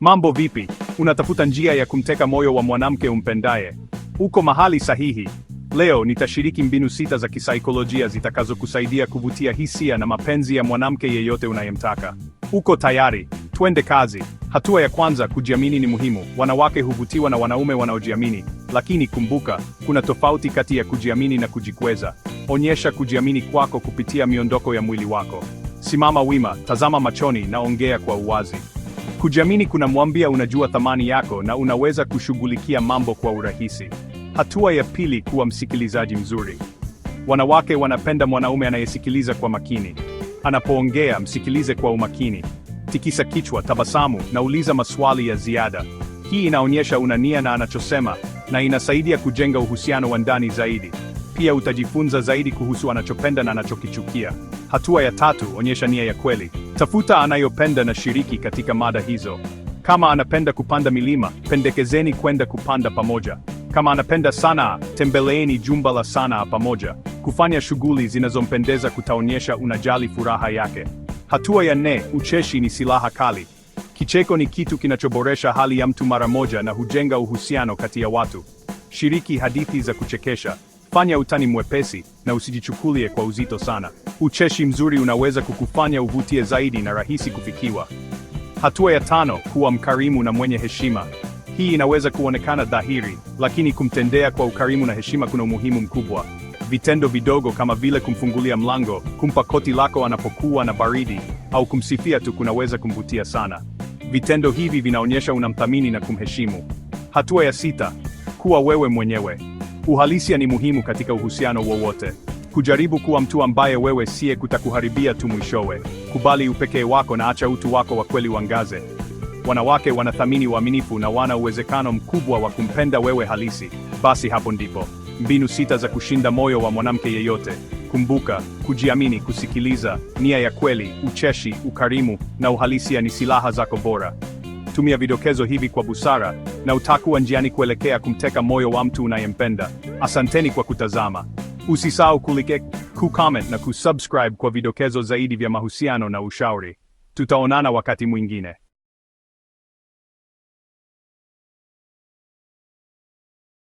Mambo vipi? Unatafuta njia ya kumteka moyo wa mwanamke umpendaye? Uko mahali sahihi. Leo nitashiriki mbinu sita za kisaikolojia zitakazokusaidia kuvutia hisia na mapenzi ya mwanamke yeyote unayemtaka. Uko tayari? Twende kazi. Hatua ya kwanza, kujiamini ni muhimu. Wanawake huvutiwa na wanaume wanaojiamini, lakini kumbuka, kuna tofauti kati ya kujiamini na kujikweza. Onyesha kujiamini kwako kupitia miondoko ya mwili wako. Simama wima, tazama machoni na ongea kwa uwazi. Kujiamini kunamwambia unajua thamani yako na unaweza kushughulikia mambo kwa urahisi. Hatua ya pili, kuwa msikilizaji mzuri. Wanawake wanapenda mwanaume anayesikiliza kwa makini. Anapoongea, msikilize kwa umakini. Tikisa kichwa, tabasamu na uliza maswali ya ziada. Hii inaonyesha una nia na anachosema na inasaidia kujenga uhusiano wa ndani zaidi. Pia utajifunza zaidi kuhusu anachopenda na anachokichukia. Hatua ya tatu, onyesha nia ya kweli. Tafuta anayopenda na shiriki katika mada hizo. Kama anapenda kupanda milima, pendekezeni kwenda kupanda pamoja. Kama anapenda sanaa, tembeleeni jumba la sanaa pamoja. Kufanya shughuli zinazompendeza kutaonyesha unajali furaha yake. Hatua ya nne, ucheshi ni silaha kali. Kicheko ni kitu kinachoboresha hali ya mtu mara moja na hujenga uhusiano kati ya watu. Shiriki hadithi za kuchekesha. Fanya utani mwepesi na usijichukulie kwa uzito sana. Ucheshi mzuri unaweza kukufanya uvutie zaidi na rahisi kufikiwa. Hatua ya tano, kuwa mkarimu na mwenye heshima. Hii inaweza kuonekana dhahiri, lakini kumtendea kwa ukarimu na heshima kuna umuhimu mkubwa. Vitendo vidogo kama vile kumfungulia mlango, kumpa koti lako anapokuwa na baridi, au kumsifia tu kunaweza kumvutia sana. Vitendo hivi vinaonyesha unamthamini na kumheshimu. Hatua ya sita, kuwa wewe mwenyewe. Uhalisia ni muhimu katika uhusiano wowote. Kujaribu kuwa mtu ambaye wewe siye kutakuharibia tu mwishowe. Kubali upekee wako na acha utu wako wa kweli wangaze. Wanawake wanathamini uaminifu na wana uwezekano mkubwa wa kumpenda wewe halisi. Basi hapo ndipo. Mbinu sita za kushinda moyo wa mwanamke yeyote. Kumbuka, kujiamini, kusikiliza, nia ya kweli, ucheshi, ukarimu na uhalisia ni silaha zako bora. Tumia vidokezo hivi kwa busara na utakuwa njiani kuelekea kumteka moyo wa mtu unayempenda. Asanteni kwa kutazama. Usisahau kulike, kucomment na kusubscribe kwa vidokezo zaidi vya mahusiano na ushauri. Tutaonana wakati mwingine.